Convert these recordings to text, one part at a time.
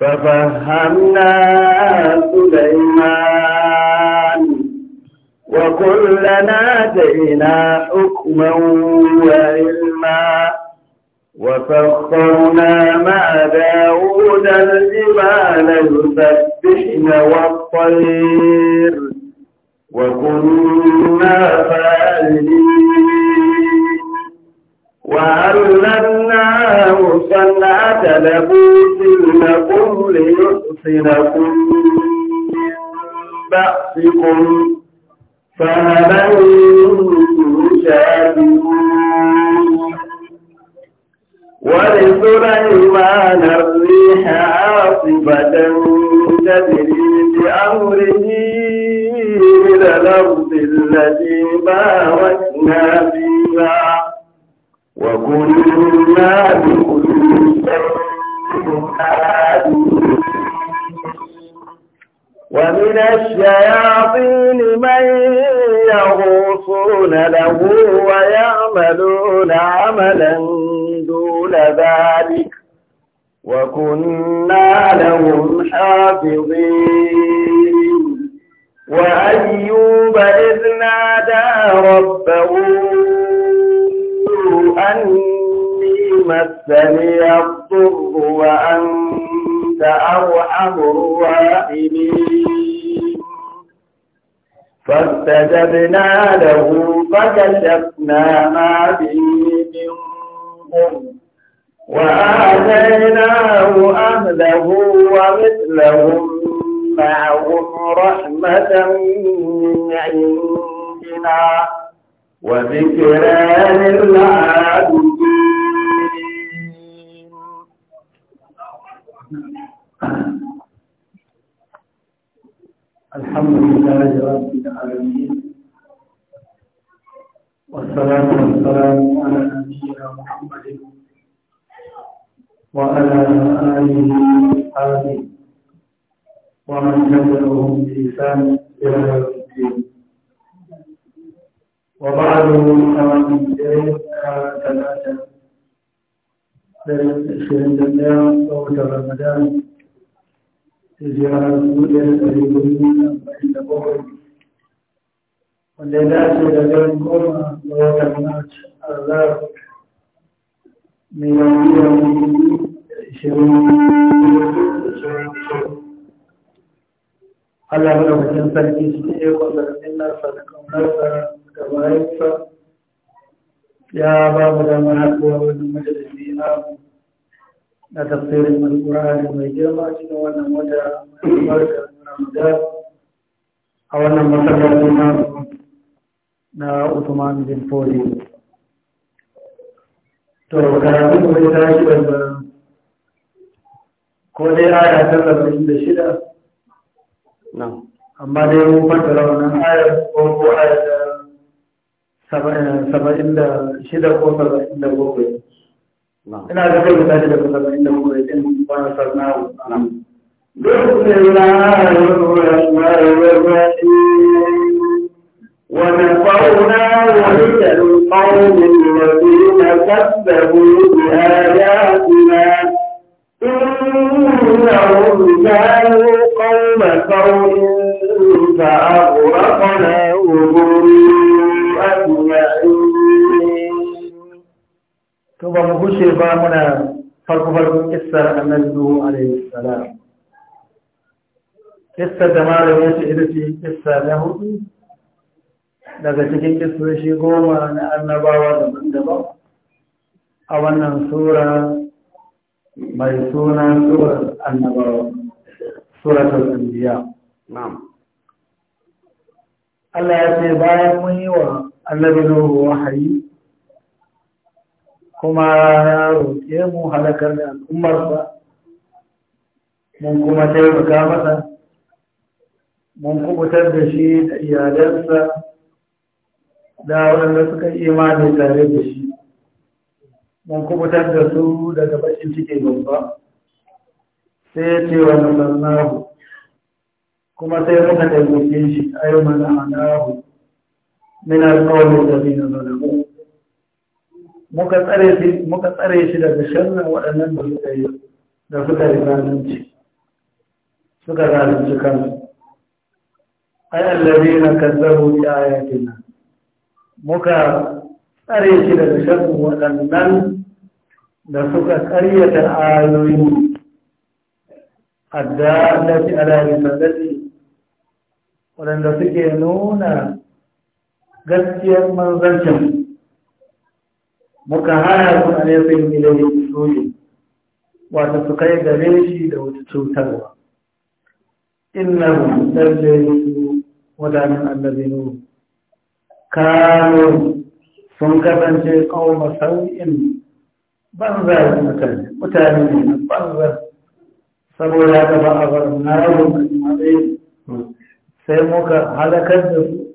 ففهمنا سليمان وكلنا دينا حكما وعلما وفخرنا مع داود الجبال يسبحن والطير وكنا فاعلين وعلمناه صنعة لبوس لكم ليحصنكم من بأسكم فهل أنتم شاكرون ولسليمان الريح عاصفة تجري بأمره إلى الأرض التي باركنا فيها وكنا بكل شيء ومن الشياطين من يغوصون له ويعملون عملا دون ذلك وكنا لهم حافظين وأيوب إذ نادى ربه أني مسني الضر وأنت أرحم الراحمين فاستجبنا له فكشفنا ما به من ضر وآتيناه أهله ومثلهم معهم رحمة من عندنا وذكرى للعابدين الحمد لله رب العالمين والصلاة والسلام على نبينا محمد وعلى آله وصحبه ومن تبعهم بإحسان إلى يوم الدين وبعد فمن ثلاثة عشرين دقيقة صوت رمضان زيارة سوريا الأريبيين عند بوكر والليلات لدين كوما ووتر مارس أغلار ميلادية عشرين Allah ya rubuta sarki shi ne ko sarkin nan sarkin nan da bayansa ya ba mu na kowa wani majalisi namu na tafsirin alƙur'ani mai girma cikin wannan wata barka ramadan a wannan masallaci namu na Usman bin Fodi. To, karatu mu ta tashi daga ko dai aya ta saba'in da shida? Amma dai mun fata wannan ayar ko ko ayar da saba'in da shida ko saba'in da bakwai ina da kai mutane da saba'in da bakwai din ba na sarnawa بسم الله ونفعنا وهي القوم الذين كذبوا بآياتنا wuce ba muna farko farkon kissar annabi Nuhu alaihi salam kissar da malamin ya ce ita ce kissa na hudu daga cikin kissoshi goma na annabawa daban-daban a wannan sura mai suna surar annabawa suratul anbiya Allah ya ce bayan mun yi wa annabi Nuhu wahayi kuma ya roƙe mu halakar da al'ummarsa mun kuma taimaka masa mun kubutar da shi da iyalansa da waɗanda suka imani tare da shi mun kubutar da su daga bakin cikin babba sai ya ce wani sannahu kuma sai muka taimake shi ayyuma na hanahu min alƙawar da zai na muka tsare shi muka tsare shi daga sharrin waɗannan da suka yi da suka yi zalunci suka zalunci kansu ay allazina ya bi ayatina muka tsare shi daga sharrin waɗannan da suka karyata ayoyi addalati ala risalati waɗanda suke nuna gaskiyar manzancin muka hana su an yasin ilayin soyi wata su kai gare shi da wata cutarwa inna lalle wadannan allazinu kano sun kasance kauma sau'in banzar mutane mutane ne na banzar saboda haka ba a bar narun matsayi sai muka halakar da su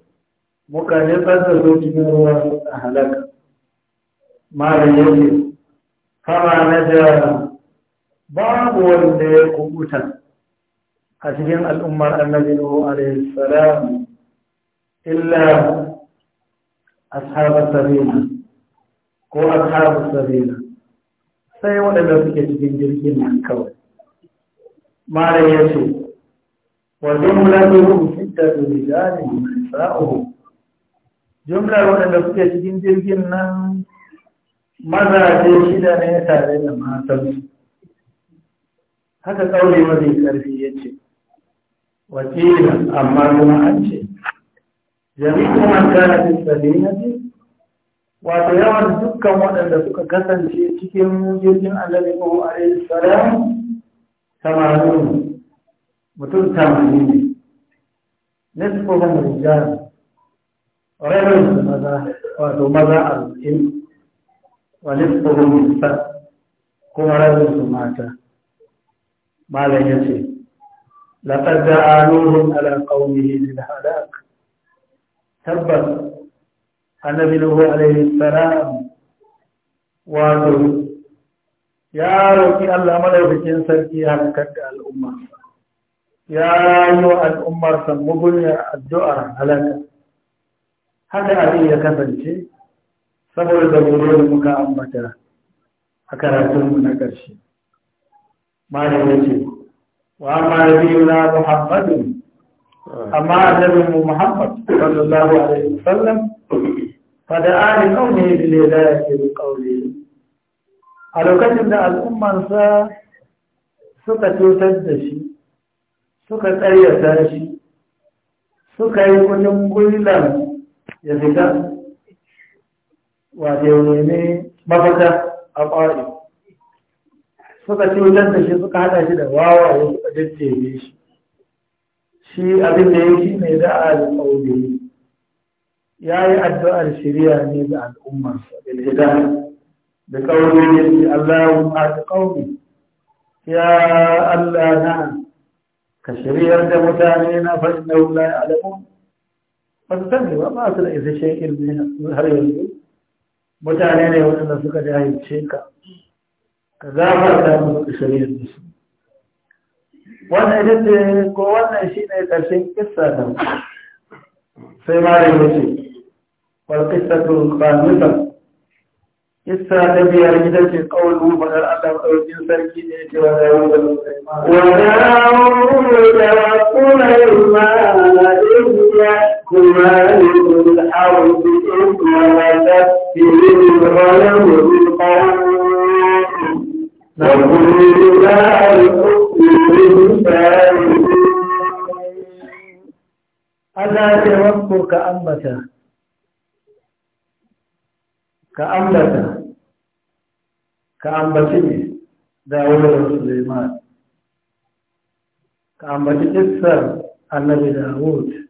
muka nufar da su cikin ruwa a halaka malam yake kama na jara babu wanda ya kubuta a cikin al'ummar annabi nuhu alaihi salam illa ashabar sabina ko ashabar sabina sai waɗanda suke cikin jirgin nan kawai malam ya ce wa jumlatuhum sittatu rijalin sa'o jumlar waɗanda suke cikin jirgin nan mazaje shida ne tare da matansu haka tsaure mafi ƙarfi ya ce wakilin amma kuma an ce jami kuma kana fi ce wato yawan dukkan waɗanda suka kasance cikin jirgin alabi ko yi tsaron tamanin mutum tamanin ne nisfuhum rijal rabin maza wato maza a ilm walifkuhun nisa kuma rabin su mata malam ya ce laƙar da anuhun ala ƙaunihi lil halak tabbas annabi nuhu alaihi salam wato ya roƙi Allah madaukakin sarki halakar da al'umma ya yi wa al'ummar mugunyar addu'ar halaka haka abin ya kasance saboda dalilai da muka ambata a karatunmu na ƙarshe Mare ya ce wa amma muhammadu amma a mu muhammad za sallallahu alaihi wasallam fada ali kaune da ya ke qawli a lokacin da al'ummarsa suka cutar da shi suka tsayyata shi suka yi kudin gwilan ya fita wato yau ne mafita a ƙwari suka cutar da shi suka haɗa shi da wawaye suka jajjebe shi shi abin da ya shi ne da alƙaube ya yi addu'ar shirya ne ga al'ummarsa ilhida da ƙauri ne shi Allahun a ƙauri ya Allah na ka shiryar da mutane na fashin da wula alamun ba su sani ba ba su da isasshen ilmi har yanzu mutane ne wadanda suka jahilce ka ka gafarta musu da shari'ar musu wannan ce ko wannan shi ne ƙarshen kissa ta sai ma da yace wal ta qanisa kissa ta biyar gidan ce qawlu fadar Allah madaukin sarki ne ce wa yau da wa yau yin kullu ma in ya مالك الحرب إذ نبتت به الغنم القوم وكل ما الحكم للفارسين ألا تذكر كأمته كأمته كأمته داود سليمان كأمته قصة النبي داود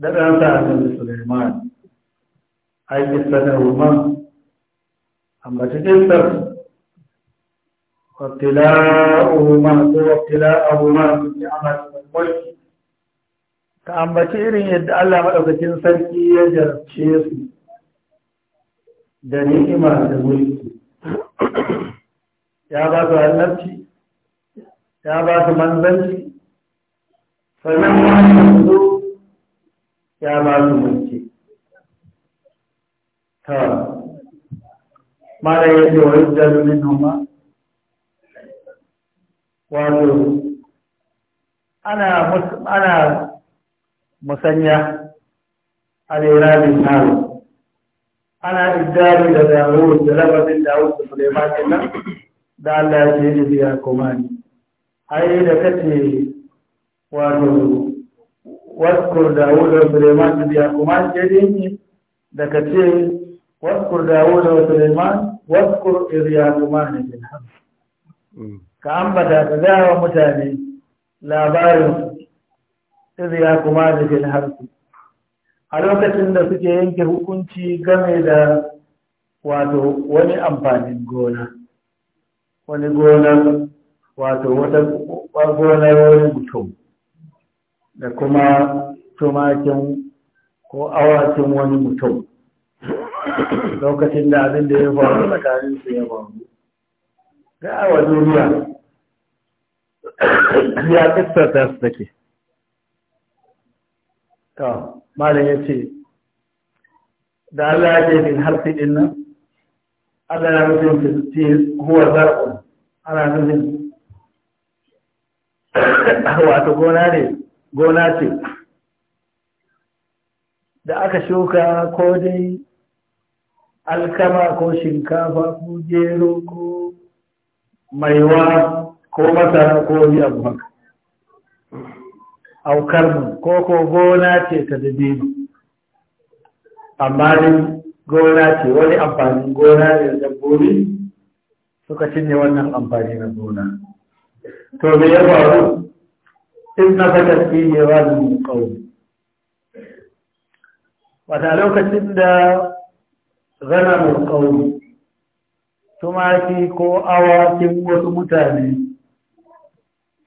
Daga da ɗansa annabi Sulaiman an yi sanarwa ambaci jinsar wattila'uhuma ko wattila'uhuma fi amalin mulki ka ambaci irin yadda Allah maɗaukakin sarki ya jarce su da ni'ima da mulki ya ba su annabci ya ba su manzanci sannan wani yanzu ya ba su mace ta mara yadda wa yi jalolin noma wato ana musanya a lirabin naro ana idari da dawo da labarin dawo da suleiman kenan da allah ya ce ya biya kuma ai da kace wato Wasko, dawuda wa suleiman biya kuma jere da ka ce waskur dawuda wa suleiman waskur iriya kuma ne bin ka ambata ka gaya wa mutane labarin iriya kuma da bin harsu a lokacin da suke yanke hukunci game da wato wani amfanin gona wani gonar wato wata gonar wani mutum da kuma tumakin ko awakin wani mutum lokacin da abin da ya faru tsakanin su ya faru ga awa duniya ya kistar su take Ta malin ya ce da Allah ya ce bin harfi din nan Allah ya mutum fi huwa zar'un ana nufin wato gona ne gona ce da aka shuka ko dai alkama ko shinkafa ko gero ko maiwa ko masara ko wani abu haka aukar mu ko ko gona ce ta dabino amma gona ce wani amfanin gona ne da dabbobi suka cinye wannan amfani na gona to me ya faru in na fi ne wata lokacin da zanar ƙauni tumaki ko awakin wasu mutane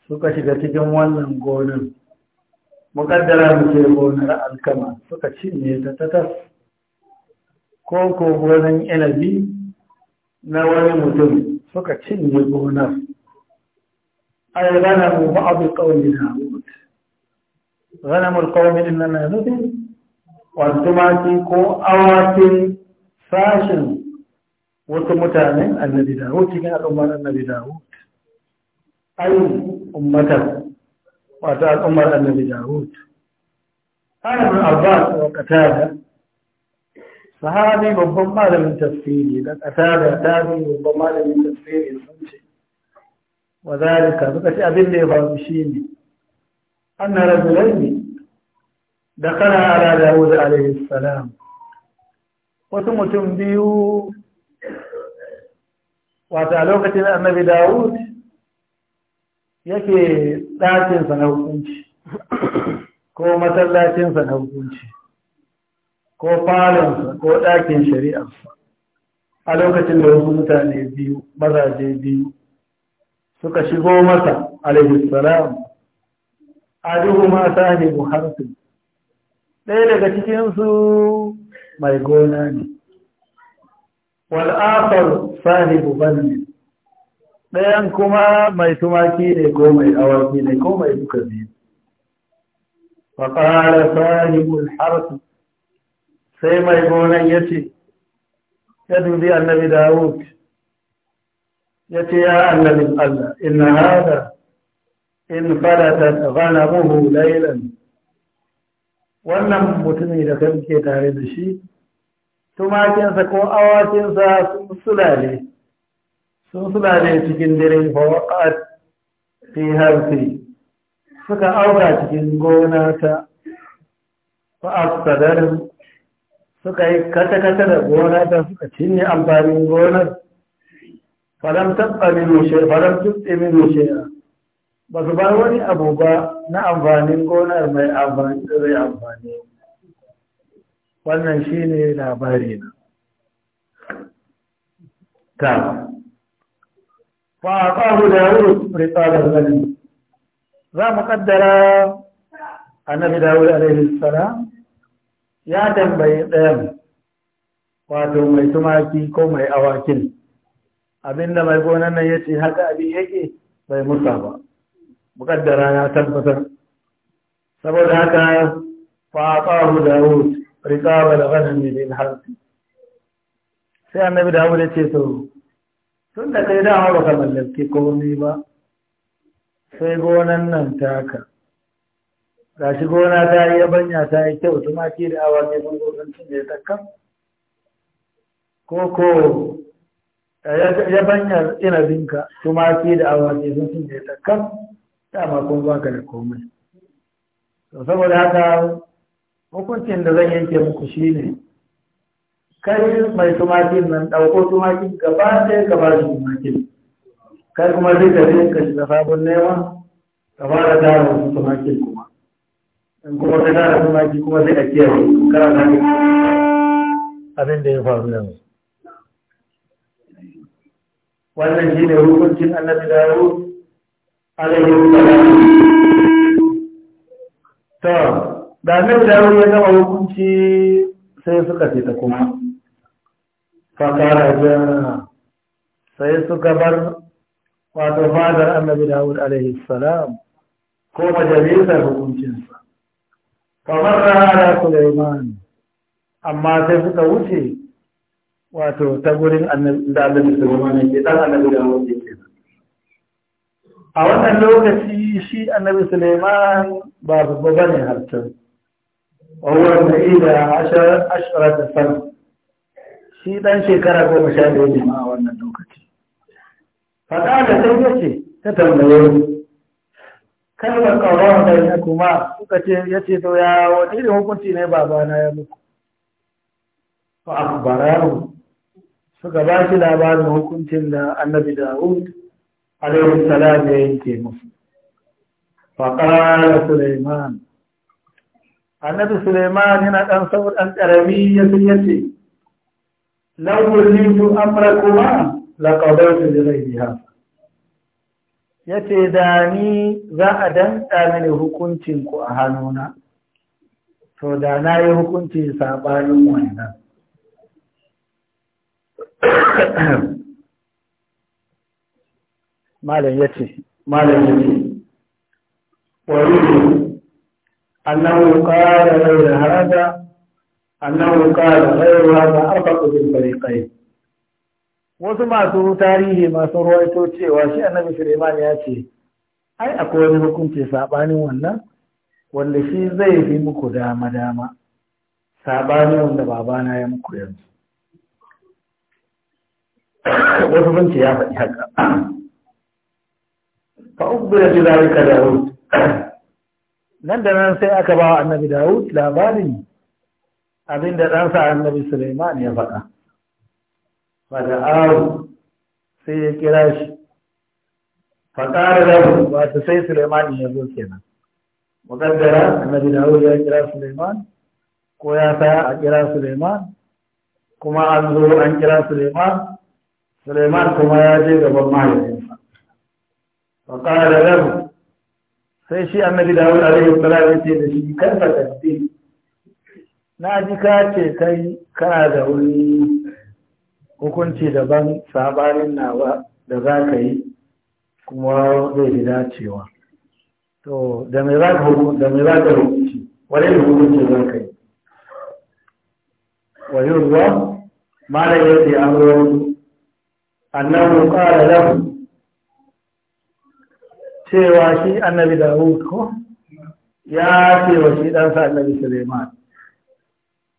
suka shiga cikin wannan gonar. mukaddara ce gonar alkama suka cinye ta tatas ko ko inabi na wani mutum suka cinye gonar أي غنموا بعض قوم هامود غنم القوم إنما نذل وأنتم كو أواتي فاشن وتمتان النبي داود كان الأمة النبي داود أي أمته وأتى الأمة النبي داود أنا من أربعة وقتادة فهذه ربما من تفسيري لأن أتادة أتادي ربما من تفسيري wa zalika suka ce abin da ya faru shi ne anna rajulaini dakala ala dawud alaihi salam wasu mutum biyu wata lokacin annabi dawud yake ɗakinsa na hukunci ko masallacinsa na hukunci ko falonsa ko ɗakin shari'arsa a lokacin da wasu mutane biyu mazaje biyu suka shigo masa alaihi salam aduhu ma Sani harsin ɗaya daga cikinsu mai gona ne wal'afar sahibu banne ɗayan kuma mai tumaki ne ko mai awaki ne ko mai duka biyu faƙara sahibul harsu sai mai gonan ya ce ya dubi annabi dawud ya ce ya annabin Allah inna hada in falatat ghanamuhu lailan. wannan mutumin da kake tare da shi tumakinsa ko awakinsa sun sulale sun sulale cikin dare fa waqat fi harfi suka auka cikin gona ta fa afsadar suka yi kata-kata da gona ta suka cinye amfanin gonar falam tabba min shay falam tubti min shay'a ba su bar wani abu ba na amfanin gonar mai amfani da zai amfani wannan shine labari na ta fa aqahu dawud riqalan zalim za mu kaddara annabi dawud alaihi salam ya tambayi ɗayan wato mai tumaki ko mai awakin abinda mai gonan nan ya ce haka abin yake bai musa ba mukaddara ya tabbatar saboda haka fatahu daud riqaba da ghanami bil harfi sai annabi dawud ya ce to tun da kai dama baka mallaki komai ba sai gonan nan taka gashi gona ta yi yabanya ta yi kyau tumaki da awaki sun zo sun takka Ko ko yabanyar inabinka tumaki da awaki sun sun je tsakkan dama kuma baka da komai to saboda haka hukuncin da zan yanke muku shine kai mai tumakin nan ɗauko tumakin gaba ɗaya ka ba shi tumakin kai kuma zai ka zai ka shiga sabon nema ka fara tara wasu tumakin kuma in kuma ka tara tumaki kuma sai a kiyaye kana zaki abin da ya faru yanzu wannan shi ne hukuncin annabi dawo alaihi salam to da annabi dawo ya gama hukunci sai suka fita kuma fakara ja sai suka bar wato fadar annabi dawud alaihi salam ko majalisar hukuncinsa kamar rana suleiman amma sai suka wuce wato ta gurin da annabi Sulaiman yake dan annabi da wanda yake a wannan lokaci shi annabi Sulaiman ba babba bane harcin wannan da ida ashara da san shi dan shekara goma sha biyu ne a wannan lokaci fada da sai yace ta tambaye kalmar ƙaurar da ya kuma suka ce ya ce to ya wani irin hukunci ne babana ya muku fa akbarahu suka ba shi labarin hukuncin da annabi Dawud alaihi salam ya yanke musu. Faƙara Suleiman. Annabi Suleiman yana ɗan saur ɗan ƙarami ya sun yace, Laukulli su amra kuma laƙabar su da rai Ya ce, Da ni za a danɗa mini hukuncinku a hannuna, to da na yi hukunci saɓanin wannan. malam ya ce malam ya ce wani annahu qala ghayra hada annahu qala ghayra hada arba'u bil fariqayn wasu masu tarihi masu ruwaito cewa shi annabi Sulaiman ya ce ai akwai wani hukunci sabanin wannan wanda shi zai fi muku dama dama sabanin wanda babana ya muku yanzu wasu sun ce ya faɗi haka fa ubbira bi zalika daud nan da nan sai aka ba wa annabi Dawud labarin abin da ɗansa annabi suleiman ya faɗa fada awu sai ya kira shi faƙara da wato sai suleiman ya zo kenan muƙaddara annabi Dawud ya kira suleiman ko ya sa a kira suleiman kuma an zo an kira suleiman Suleiman kuma ya je gaban mahaifinsa. Fakara da lahu sai shi annabi Dawud alaihi salam ya ce da shi kan ka tafi. Na ji ka ce kai kana da wuri hukunci daban sabanin nawa da za ka yi kuma zai fi dacewa. To da me za ka hukunci? Wani hukunci za ka yi? Wa yurwa malam ya ce an annahu qala lahu cewa shi annabi Dawud ko ya ce wa shi ɗansa annabi Suleiman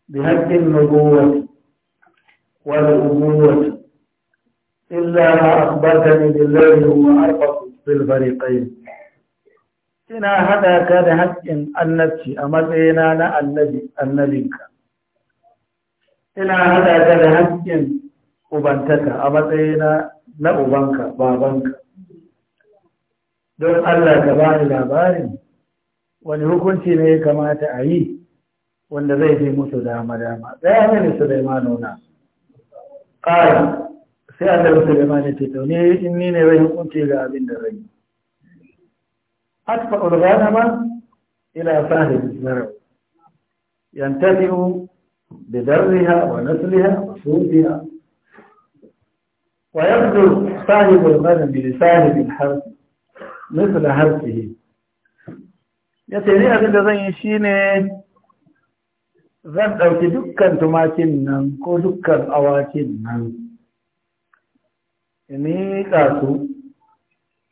bi haƙƙin nubuwati wal ubuwati illa ma akhbartani billahi huwa arfaqu bil fariqayn ina hada ka da haƙƙin annabci a matsayina na annabinka ina hada ka da haƙƙin ubantaka a matsayina na ubanka babanka don Allah ka ba ni labarin wani hukunci ne ya kamata a yi wanda zai fi musu dama-dama ɗaya mini Suleimanu na ƙara sai an da ya ce to ne in ni ne zai hukunci ga abin da zai yi atfa ma ila sahib zarau yantafi'u darriha wa nasliha wa sufiha ويبدو صاحب الغنم بلسان بالحرف مثل حرفه ya ce ni abin da zan yi shi ne zan ɗauki dukkan tumakin nan ko dukkan awakin nan ni su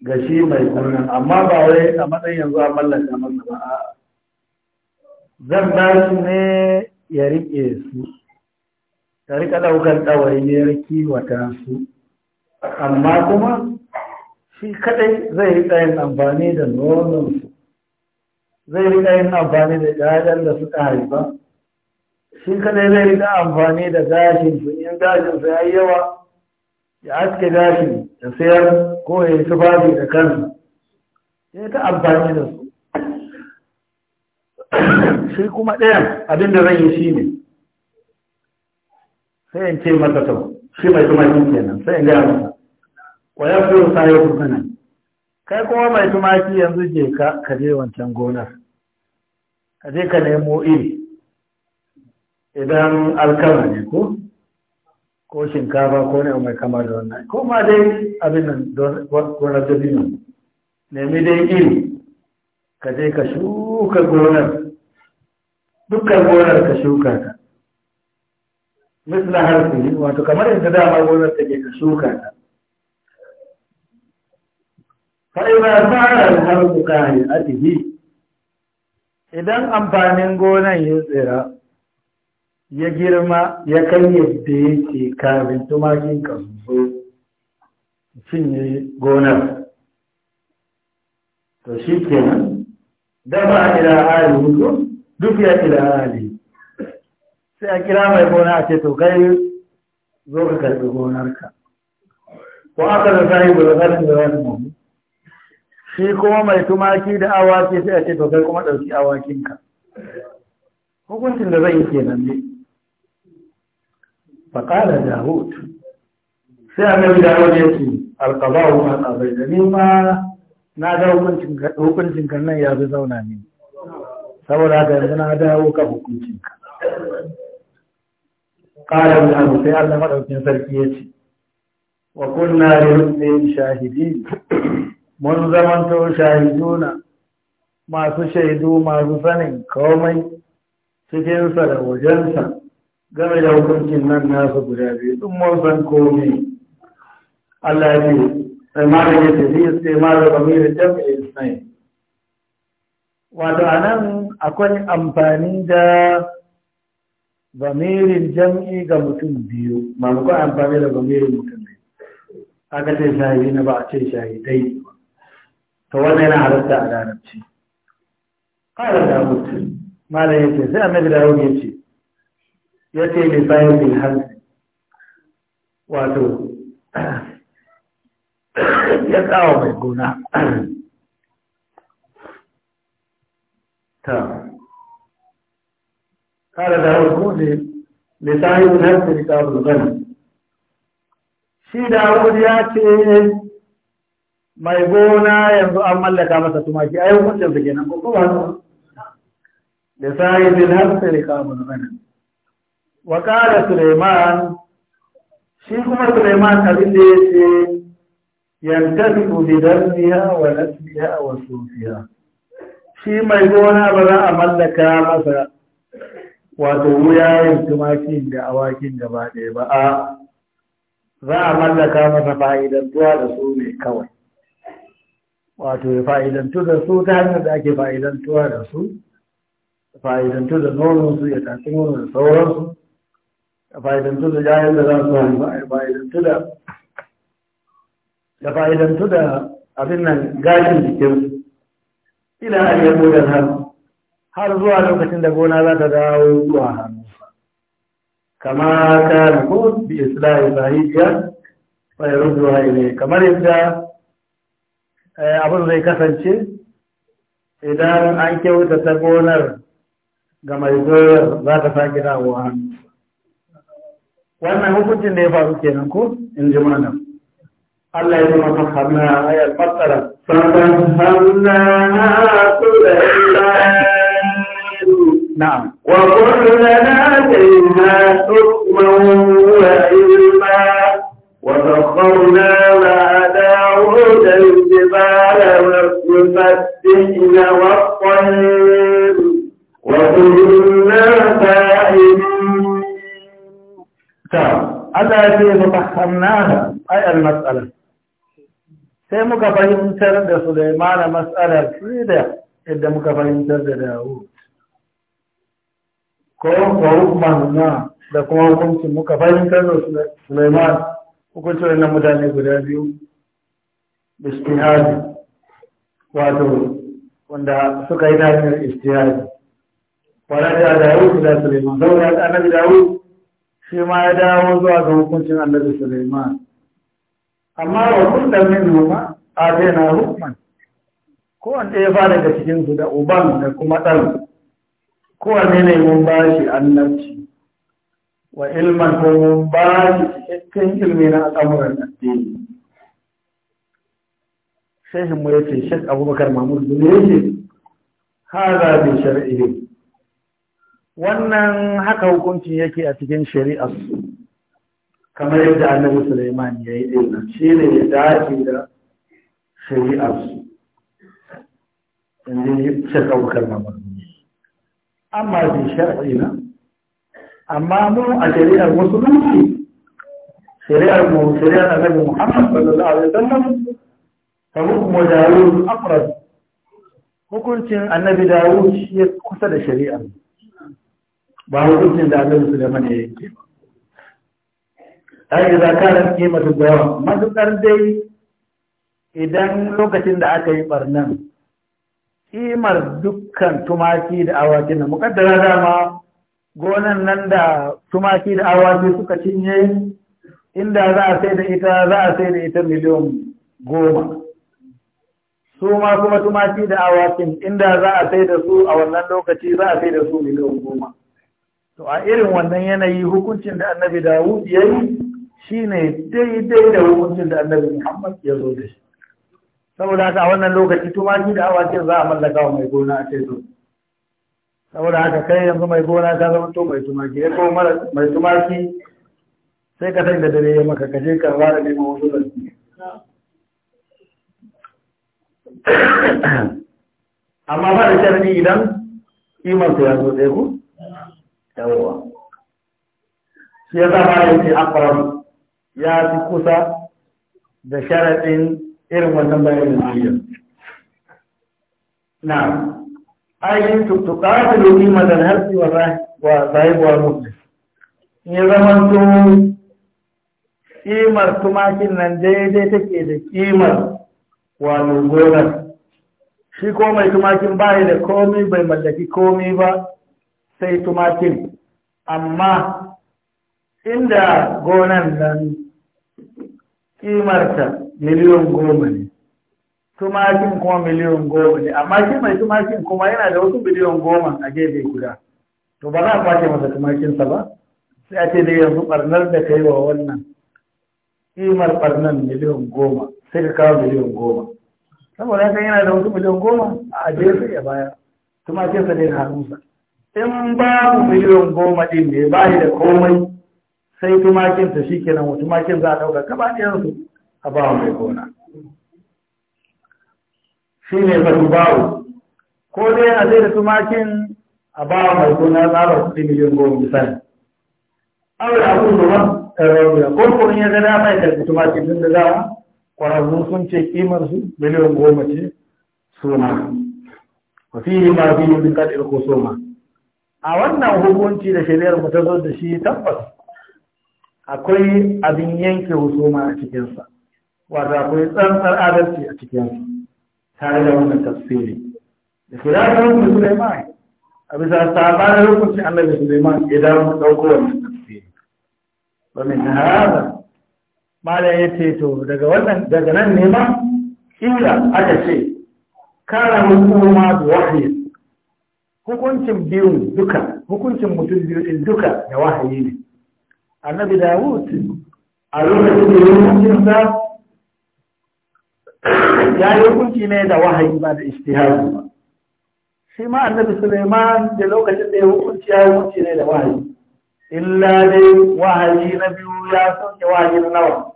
ga shi mai gonan amma ba wai a matsayin yanzu a mallaka masa ba zan ba shi ne ya riƙe su ta riƙa ɗaukar ɗawainiyar kiwata su amma kuma shi kadai zai yi tsayin amfani da nononsu zai yi tsayin amfani da ƴaƴan da suka haifa shi kadai zai yi ta amfani da gashinsu in gashinsu ya yi yawa ya aske gashin, da sayar ko ya yi tufafi da kansa ya ta amfani da su shi kuma ɗayan abinda zan yi shi ne sai in ce masa tau shi mai tumakin kenan sai in gaya masa wa ya fiye sa ya kuka kai kuma mai tumaki yanzu je ka ka je wancan gonar ka je ka nemo iri idan alkama ne ko ko shinkafa ko ne mai kamar da wannan ko ma dai abin nan gonar biyu nemi dai iri ka je ka shuka gonar dukkan gonar ka shuka ta misla harfi wato kamar yadda ma gonar take ta shuka ta fa idza sara harfu ka hayatihi idan amfanin gonan ya tsira ya girma ya kai yadda yake kafin tumakin ka su cinye gonar to shi kenan dama ila hali duk ya ila Ali. sai a kira mai gona a ce to kai zo ka karɓi gonarka ko aka da sai da zarin da wani mu shi kuma mai tumaki da awaki sai a ce to kai kuma ɗauki awakinka hukuncin da zai yi kenan ne faƙala dawud sai annabi dawud ya ce alƙabawu ma tsabai da ni ma na ga hukuncin kan nan ya fi zauna ne saboda ga yanzu na dawo ka hukuncin ka ƙara Allah sai Allah maɗaukin sarki ya ce wa kunna da rufin shahidi mun zamanto shahiduna masu shaidu masu sanin komai cikinsa da wajensa game da hukuncin nan nasu guda biyu ɗin mun san komai Allah ya ce tsammanin ya tafi mai da jami'in sai. wato a nan akwai amfani da bamirin jam'i ga mutum biyu mamakon amfani da bamirin mutum biyu aka ce shahidi na ba a ce shahidai Ta wannan yana halatta a larabci ƙara da mutum malam ya ce sai a mai da ya ce ya ce mai bayan bin hanzu wato ya tsawa mai gona ta قال داود موسى لصاحب الهرس ركاب الغنم shi Dawud ya ce mai gona yanzu an mallaka masa tumaki ai hukuncin sa kenan ko kuma da sai bin hafsa da kamun mana wa qala Sulaiman shi kuma Sulaiman abin da yace yantafiu bi darbiha wa nasbiha wa sufiha shi mai gona ba za a mallaka masa wato wuyayen tumakin da awakin gaba ɗaya ba a za a mallaka masa fa'idantuwa da su ne kawai wato ya fa'idantu da su ta hanyar da ake fa'idantuwa da su fa'idantu da nononsu ya tafi nono da sauransu fa'idantu da jayen da za su haifa fa'idantu da da fa'idantu da abin nan gashin jikinsu ila a yi hannu. har zuwa lokacin da gona za ta dawo zuwa hannu kama ka na ko bi islahi sahihiya fa ne. kamar yadda eh, abin zai kasance idan an kyauta ta gonar ga mai zoyar za ta sake dawo hannu wannan hukuncin da ya faru kenan ko in ji mana Allah ya zama fahamna ayar fassara. hannu na نعم وكلنا آتينا حكما وعلما وسخرنا مع داود الجبال والمفتحين والطير وكنا فاعلين Allah ya ce fatahannana ai al-mas'ala sai muka fahimtar da Sulaiman mas'alar Frida yadda muka fahimtar da Dawud ko warukman na da kuma hukuncin muka fahimtar da Suleiman hukuncin wannan mutane guda biyu da istihadi wato wanda suka yi dafiyar istihadi faraja da yau da Suleiman saboda haka da dawo shi ma ya dawo zuwa ga hukuncin annabi Suleiman amma wa kullum min huma a zai na hukman kowanne ya fara daga cikin su da uban da kuma ɗan kowane ne mun ba shi annabci wa ilman ko mun ba shi cikin ilmi na al'amuran addini shehin mu yace shek abubakar mahmud bin yace hada bi shar'ihi wannan haka hukunci yake a cikin shari'ar kamar yadda annabi Suleiman ya yi ɗaya shi ne ya dace da shari'ar su yanzu shek abubakar mamur amma bi na amma mu a shari'ar musulunci shari'ar mu shari'ar annabi Muhammad sallallahu alaihi wasallam fa hukum Dawud aqrab hukuncin annabi Dawud shi ya kusa da shari'ar ba hukuncin da annabi Sulaiman ya yi ai da zakaran kimatu dawa matukar dai idan lokacin da aka yi barnan kimar dukkan tumaki da awaki na mukaddara dama gonan nan da tumaki da awaki suka cinye inda za a sai da ita za a sai da ita miliyon goma su ma kuma tumaki da awakin inda za a sai da su a wannan lokaci za a sai da su miliyon goma to a irin wannan yanayi hukuncin da annabi dawud ya yi shine daidai da hukuncin da annabi muhammad ya zo da shi saboda haka a wannan lokaci tumaki da awakin za a mallaka wa mai gona a ce to saboda haka kai yanzu mai gona ka zama to mai tumaki ya kuma mai tumaki sai ka sai da dare ya maka kaje ka ba da neman wasu da amma ba da sharri idan kimar ya zo ɗaya ku yawwa shi ya zama ya ce akwai ya fi kusa da sharaɗin irin wannan bayanin jiya na ayin tuttuka da lomi mazan harfi wa sahibuwa mutu ya zama to kimar tumakin nan daidai take da kimar wa gonar shi ko mai tumakin bayi da komi bai mallaki komi ba sai tumakin amma inda gonan nan kimarta miliyon goma ne tumakin kuma miliyon goma ne amma shi mai tumakin kuma yana da wasu miliyon goma a gefe guda to ba za a kwace masa tumakinsa ba sai a ce dai yanzu barnar da ka yi wa wannan kimar barnar miliyon goma sai ka kawo miliyon goma saboda haka yana da wasu miliyon goma a ajiye sai ya baya tumakinsa ne da hannunsa in babu miliyon goma ɗin ne ba da komai sai tumakin ta shikenan tumakin za a dauka gaba ɗaya su a ba mai gona ba fatubawo ko dai a zai da tumakin a ba mai gona tsabar kuɗi miliyan goma misali aure abun da wani ɗararriya ko kuma ya gada mai da tumakin tun da dama ƙwararru sun ce kimar su miliyan goma ce suna wafihi ma fi yi min ko soma. a wannan hukunci da shari'ar mu ta zo da shi tabbas akwai abin yanke husuma a cikinsa wato akwai tsantsar adalci a cikinsa tare da wannan tafsiri da khilafin da suleiman a bisa sabanin rukunin annabi ya idan mu ɗauko wannan tafsiri wa min hada ya yace to daga wannan daga nan ne ma kila aka ce kara hukuma da wahayi hukuncin biyun duka hukuncin mutum biyu duka da wahayi ne annabi dawud a lokacin da yin hukuncinsa ya yi hukunci ne da wahayi ba da ishtihari ba shi ma annabi suleiman da lokacin da ya hukunci ya hukunci ne da wahayi illa dai wahayi na biyu ya sauke wahayi na nawa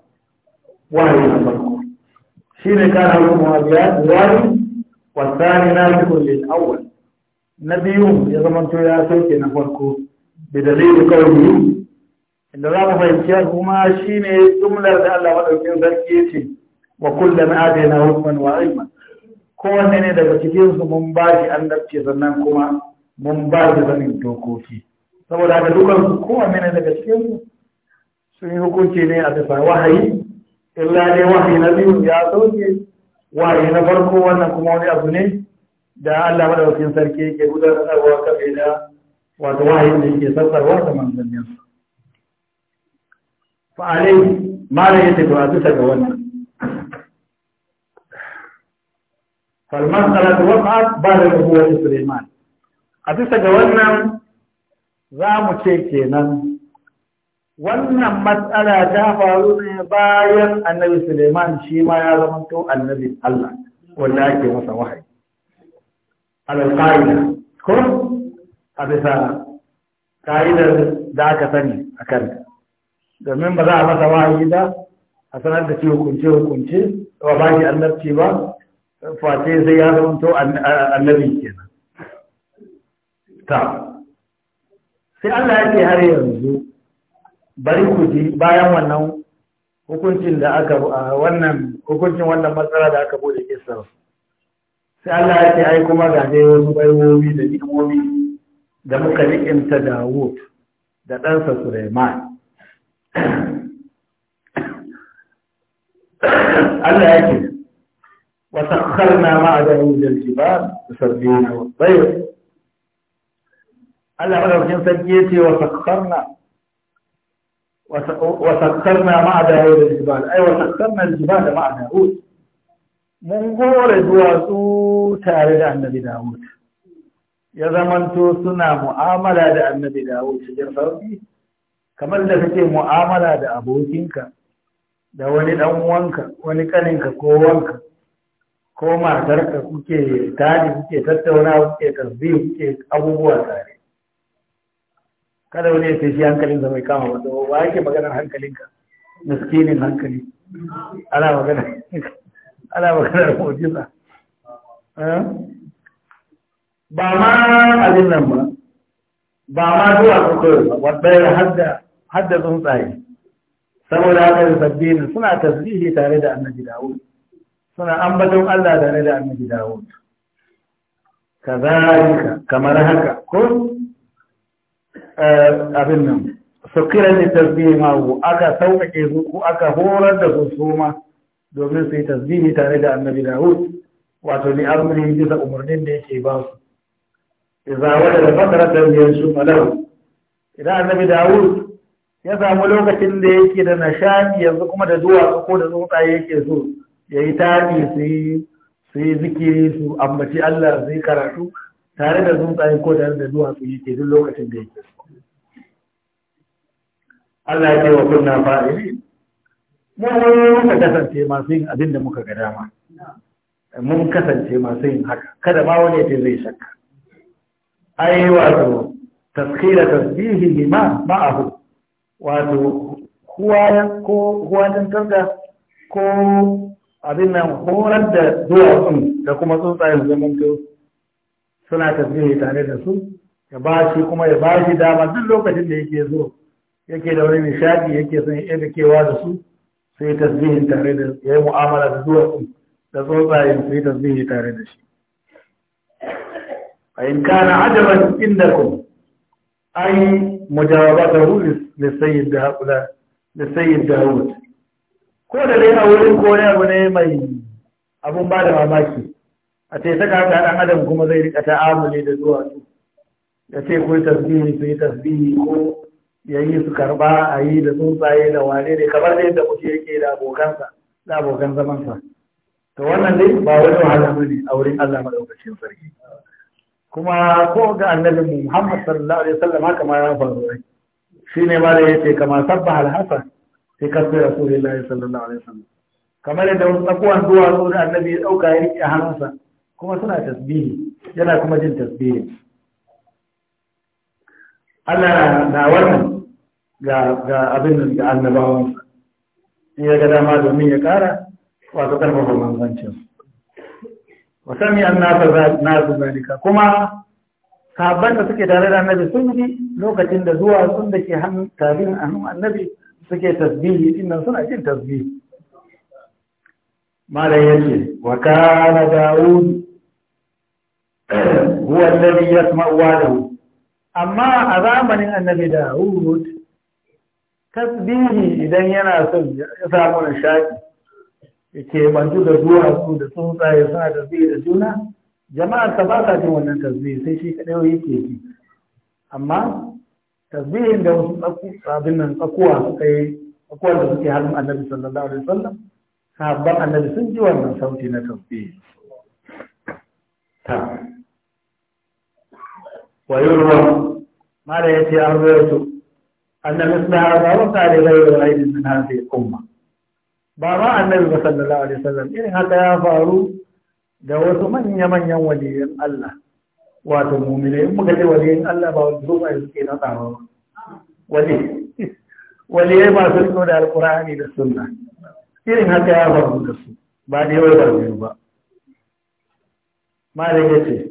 wahayi na farko shi ne kana hukumar na wahayi ya ناسخ ya نبي na farko, سيدي dalilin بدليل قوله inda za mu fahimci kuma ne jumlar da Allah madaukin sarki ce wa adai na hukman wa ko kowanne ne daga cikin su mun ba shi annabci sannan kuma mun ba shi sanin dokoki saboda haka dukan su kowanne ne daga cikin su sun yi hukunci ne a bisa wahayi illa ne wahayi na biyu ya sauke wahayi na farko wannan kuma wani abu ne da Allah madaukakin sarki yake gudanarwa kafe da wato wahayin da yake sassarwa da manzanninsa fa alai malam yace to a bisa ga wannan fal mas'alatu waqa'at ba'da nubuwwati Sulaiman a bisa ga wannan za mu ce kenan wannan matsala ta faru ne bayan annabi Suleiman shi ma ya zama to annabi Allah wanda ake masa wahayi alƙa'ida ko a bisa ƙa'idar da aka sani a kanta domin ba za a masa wahayi da a sanar da ce hukunce hukunce ba ba shi annabci ba face sai ya to annabi kenan ta sai Allah ya ce har yanzu bari ku ji bayan wannan hukuncin da aka wannan hukuncin wannan matsala da aka bude kisar sai Allah ya ce ai kuma ga dai wasu baiwowi da ni'imomi da muka ni'imta Dawud da ɗansa Sulaiman Allah ya yake wasakharna ma'a dawud al da yusabbihuna na tayr Allah ya madaukakin sarki yace wasakharna wasakharna ma'a yau da jibal Ai wasakharna al-jibal ma'a dawud mun gore duwatsu tare da annabi Dawud ya zamanto suna mu'amala da annabi Dawud cikin sauki kamar da kake mu'amala da abokinka da wani dan uwanka wani kaninka ko wanka ko matarka kuke tani kuke tattauna kuke tasbih kuke abubuwa tare kada wani ya shi hankalin hankalinsa mai kama masa ba yake maganar hankalinka miskinin hankali ana magana ana maganar mu'jiza eh? ba ma abin nan ba ba ma zuwa kuka ba wadda ya hadda har da tsuntsaye saboda haka da sabbin suna tasbihi tare da annabi Dawud suna ambaton Allah tare da annabi Dawud kazalika kamar haka ko eh, abin nan sukiran ne tasbihi ma aka sauƙaƙe su ko aka horar da su suma domin su yi tasbihi tare da annabi Dawud wato ni amri bisa umarnin da yake ba su idza wada da da yansu malahu idan annabi Dawud ya samu lokacin da yake da nishadi yanzu kuma da duwatsu ko da tsuntsaye yake so ya yi taɗi su yi su yi zikiri su ambaci Allah su yi karatu tare da tsuntsaye ko tare da duwatsu yake duk lokacin da yake Allah ya ce wa kunna fa'ili mu muka kasance masu yin abin da muka ga dama mun kasance masu yin haka kada ma wani ce zai shakka ai wato taskira tasbihi ma ma'ahu wato huwayen ko huwayen ko abin nan horar da duwatsun da kuma tsuntsayen zamanto suna tasbihi tare da su ya ba shi kuma ya ba shi dama duk lokacin da yake zo yake da wani nishadi yake son ya kewa da su su yi tasbihin tare da ya yi mu'amala da duwatsun da tsuntsayen su yi tasbihi tare da shi a in kana ajaban indakum ai mujawabatahu lis لسيد هؤلاء لسيد داود ko da dai a wurin ko ne mai abun ba da mamaki a ce ta kata dan adam kuma zai rika ta'amuli da zuwa su ya ce ko tasbihi su tasbihi ko ya yi su karba a yi da tsuntsaye da wane ne kamar da yadda muke yake da abokansa da abokan zamansa to wannan dai ba wani wahala bane a wurin Allah madaukakin sarki kuma ko ga annabi Muhammad sallallahu alaihi wasallam haka ma ya faru rai shi ne ma da ya ce kama sabba alhassan sai kasbe rasulullahi sallallahu alaihi wasallam kamar yadda wasu tsakuwan duwatsu da annabi ya ɗauka ya riƙe hannunsa kuma suna tasbihi yana kuma jin tasbihi Allah na wannan ga abin da annabawansa in ya ga dama domin ya ƙara wato karfafa manzancin wasanni an nasa nasu zalika kuma sahabban da suke tare da annabi sun ji lokacin da zuwa sun da ke hannun tabin hannun annabi suke tasbihi dinnan suna cin tasbihi malam ce wa kana daud huwa alladhi yasma'u walahu amma a zamanin annabi daud tasbihi idan yana son ya samu nishaɗi ya ke bantu da su da tsuntsaye suna tasbihi da juna jama'ar ta ba sa jin wannan tasbihi sai shi kadai yake ji amma tasbihin da wasu tsaku sabin nan tsakuwa suka yi tsakuwar da suke halin annabi sallallahu alaihi wasallam sahabban annabi sun ji wannan sauti na tasbihi ta wayurwa mala yace an rawaito annabi sallallahu alaihi wasallam ta da gaiwa aidin min hadhihi umma ba ma annabi sallallahu alaihi wasallam irin haka ya faru da wasu manya-manyan waliyan Allah wato mummune in muka ce waliyan Allah ba wani zuwa yanzu ke na tsaro wali waliyai masu rikon da alkur'ani da sunna irin haka ya faru da su ba da yawa ba biyu ba malam ya ce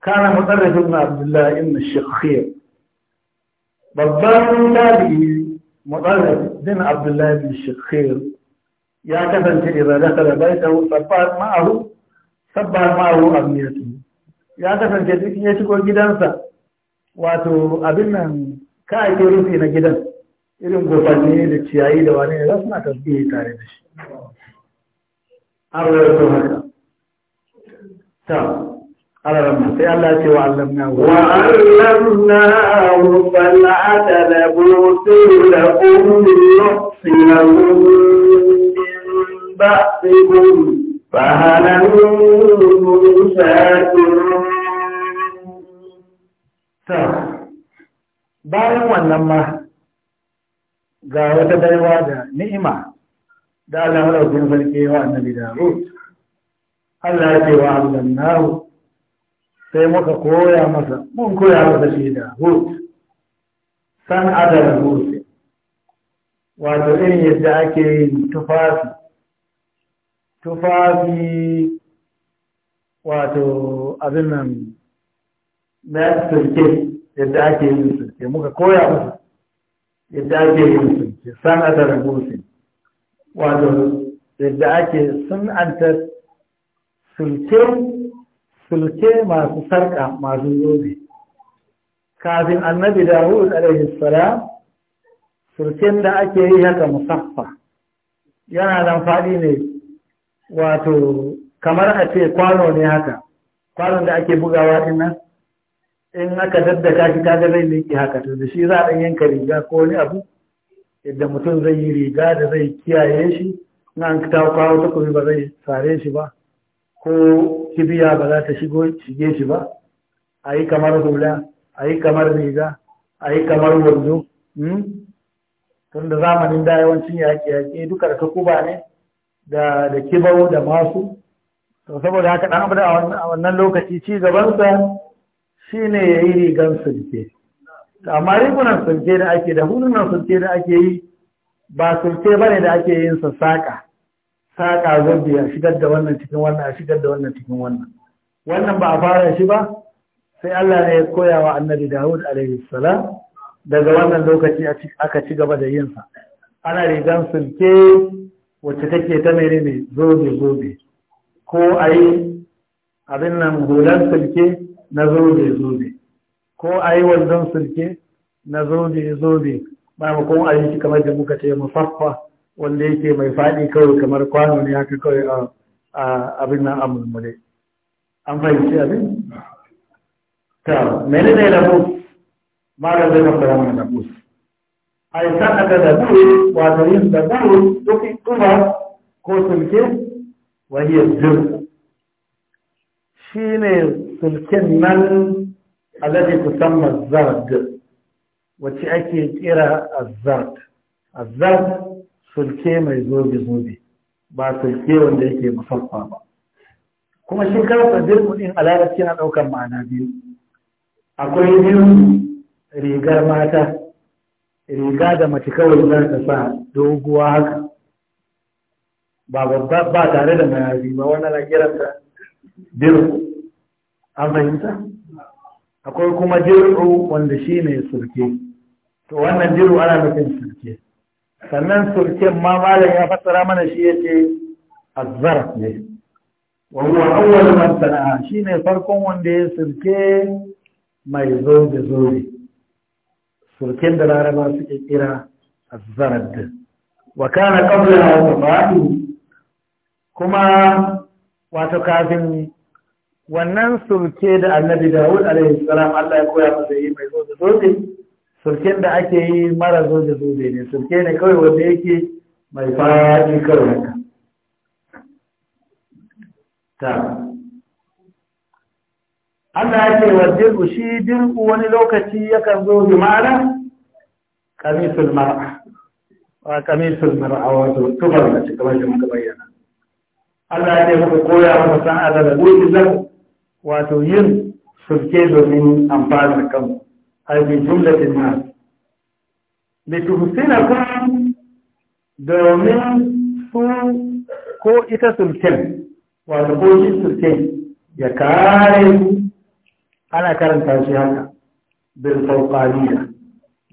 kana mutsarrafin ibn abdullah ibn shakhir babban tabi'i mutsarraf din abdullah ibn shakhir ya kasance idan dakala baitahu safar ma'aru sabba ma'ahu abniyatu ya kasance duk ya shigo gidansa wato abin nan kayayyakin rufi na gidan irin gobanni da ciyayi da wani ne za suna tasbihi tare da shi an rawaito haka ta alarama sai Allah ce wa allamna wa allamna wa sal'ata da burutu da kullu yusilahu min ba'dikum فهل bayan wannan ma ga wata daiwa da ni'ima da Allah maraukin sarki wa annabi da Allah ya ce wa Allah ru sai muka koya masa mun koya masa shi da hut san adala hut wato irin yadda ake yin tufafi tufafi wato abin nan na sulke yadda ake yin sulke muka koya musu yadda ake yin sulke san da ragusin wato yadda ake sun'antar sulke surke masu sarƙa masu yobe kafin annabi dawud alaihi salam surken da ake yi haka musaffa yana nan faɗi ne wato kamar a ce kwano ne haka kwanon da ake bugawa din nan in aka daddaka shi kaga zai miki haka to da shi za a ɗan yanka riga ko wani abu idan mutum zai yi riga da zai kiyaye shi na an ta kawo takobi ba zai sare shi ba ko kibiya ba za ta shige shi ba a yi kamar hula a yi kamar riga a yi kamar wanzu hmm? tun da zamanin da yawancin yaƙi-yaƙi duka da takuba ne da da kibau da masu to saboda haka dan abu a wannan lokaci ci gabansa shine yayi rigan sulke amma rigunan sulke da ake da hulunan sulke da ake yi ba sulke bane da ake yin sa saka saka zobe a shigar da wannan cikin wannan a shigar da wannan cikin wannan wannan ba a fara shi ba sai Allah ne ya koya wa annabi Dawud alaihi salam daga wannan lokaci aka ci gaba da yin sa ana rigan sulke wacce take ta mere ne zobe zobe ko a yi abin nan hular sulke na zobe zobe ko a yi wandon sulke na zobe zobe Ba kuma a yi kamar da muka ce musaffa wanda yake mai faɗi kawai kamar kwano ne haka kawai a abin nan a mulmule an fahimci abin ta menene lamu ma da zai kafa ramar mana a yi sa'ada da buru wato yin da buru duk kuma ko sulke wahiyar jir shi ne sulken nan alade kusamman zard wacce ake kira azard azard sulke mai zobe-zobe ba sulke wanda yake musamman ba kuma shi karfa dirku din a larabci ɗaukar ma'ana biyu akwai biyu rigar mata riga da mace kawai za ta sa doguwa haka ba ba tare da mayafi ba wani na kiranta dirku an fahimta akwai kuma dirku wanda shi ne surke to wannan dirku ana nufin surke sannan surken ma malam ya fassara mana shi yake azzar ne wa awwal man sana'a shine farkon wanda ya surke mai zobe zobe surkin da laraba suke kira azzarad wa kana qabla wafatu kuma wato kafin wannan surke da annabi dawud alaihi salam Allah ya koya masa yi mai zoje zoje surken da ake yi mara zoje zoje ne surke ne kawai wanda yake mai fadi kawai haka ta Allah ya ce wa dirku shi dirku wani lokaci yakan zo bi kamisul mar'a wa kamisul mar'a wato tubar mace kamar da muka bayyana Allah ya muka koya wa san adala gudun wato yin sulke domin amfanar kanmu ai bi jumlatin nas lituhsinakum domin su ko ita sulken wato ko shi sulken ya kare ana karanta shi haka bil fawqaniyya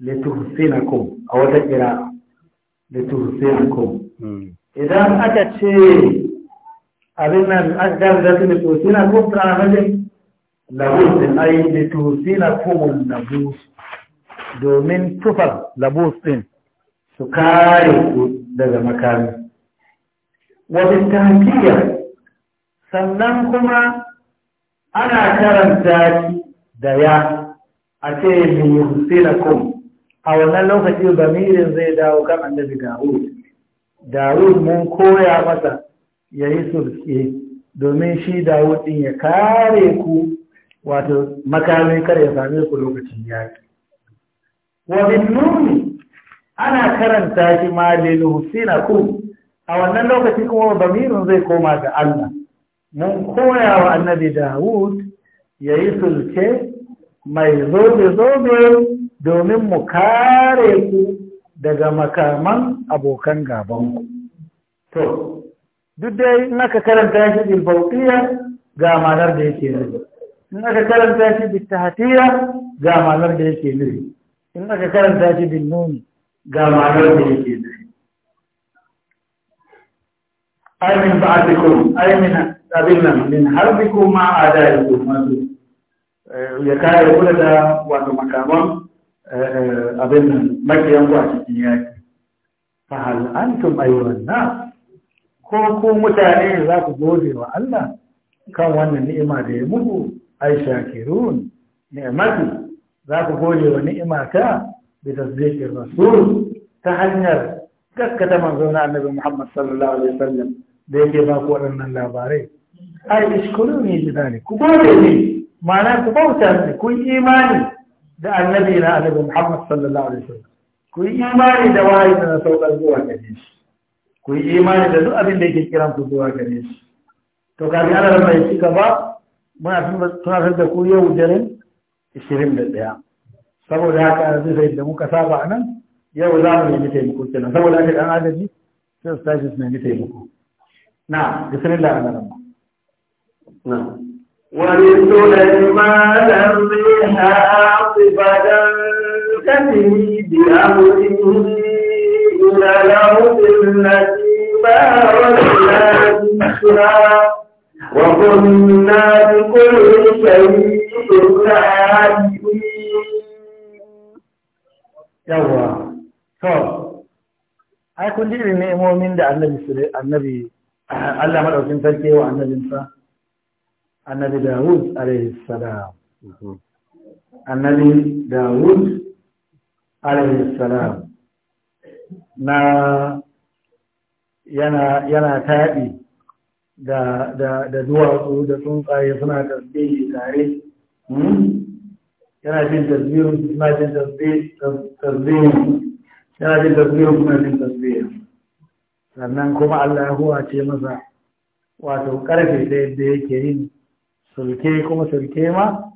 lituhsinakum a wata kira lituhsinakum idan aka ce abin nan akdar da su lituhsinakum ta ramaje labus ai lituhsinakum labus domin tufar labus din su kare ku daga makami wabin tahkiyar sannan kuma ana karanta da ya a ce liyuhsinakum a wannan lokaci bamirin zai dawo kan annabi Dawud Dawud mun koya masa ya yi sulke domin shi Dawud ɗin ya kare ku wato makami kar ya same ku lokacin yaki wa nuni ana karanta shi ma lil husina ku a wannan lokaci kuma bamirin zai koma ga Allah mun koya wa annabi Dawud ya yi sulke mai zobe zobe domin mu kare ku daga makaman abokan gabanku. To, duk dai in aka karanta shi bilbauɗiya ga malar da yake nufi, in aka karanta shi bittahatiya ga malar da yake nufi, in aka karanta shi nuni, ga malar da yake nufi. Ai min ba'atikum, ai min abin nan, min ma a da eh, ya kare kula da wato makaman Eh, abin nan makiyan ku a cikin yaki Ka hal antum ko ku mutane za ku gode wa Allah kan wannan ni'ima da ya muku ai shakirun ni'mati za ku gode wa ni'ima ta bi tasdiqir rasul ta hanyar gaskata manzo na annabi Muhammad sallallahu alaihi wasallam da yake ba ku waɗannan labarai ai ishkuruni bi ku gode ne ma'ana ku bauta ne ku imani da annabi na annabi Muhammad sallallahu alaihi wasallam ku yi imani da wahayi na saukar zuwa gare shi ku yi imani da duk abin da yake kira ku zuwa gare shi to kafin Allah mai shi gaba muna tunatar da ku yau daren 21 saboda haka a sai da muka saba anan yau za mu yi nemi taimako kenan saboda haka dan adabi sai su tashi su nemi taimako na bismillah ana nan na ولسليمان الريح عاصفة تجري بأمره إلى الأرض التي باركنا فيها وكنا بكل شيء عالمين. يوا ai kun النبي irin ne'imomin da annabi annabi النبي صلى آه، الله عليه وسلم annabi dawud alayhi salam annabi dawud alayhi salam na yana yana taɗi da da da duwatsu da tsuntsaye suna tasbihi tare hmm? yana jin tasbihin suna jin tasbihin yana jin tasbihin kuma jin tasbihin sannan kuma Allah ya huwa ce masa wato karfe da yadda yake yin sulke kuma sulke ma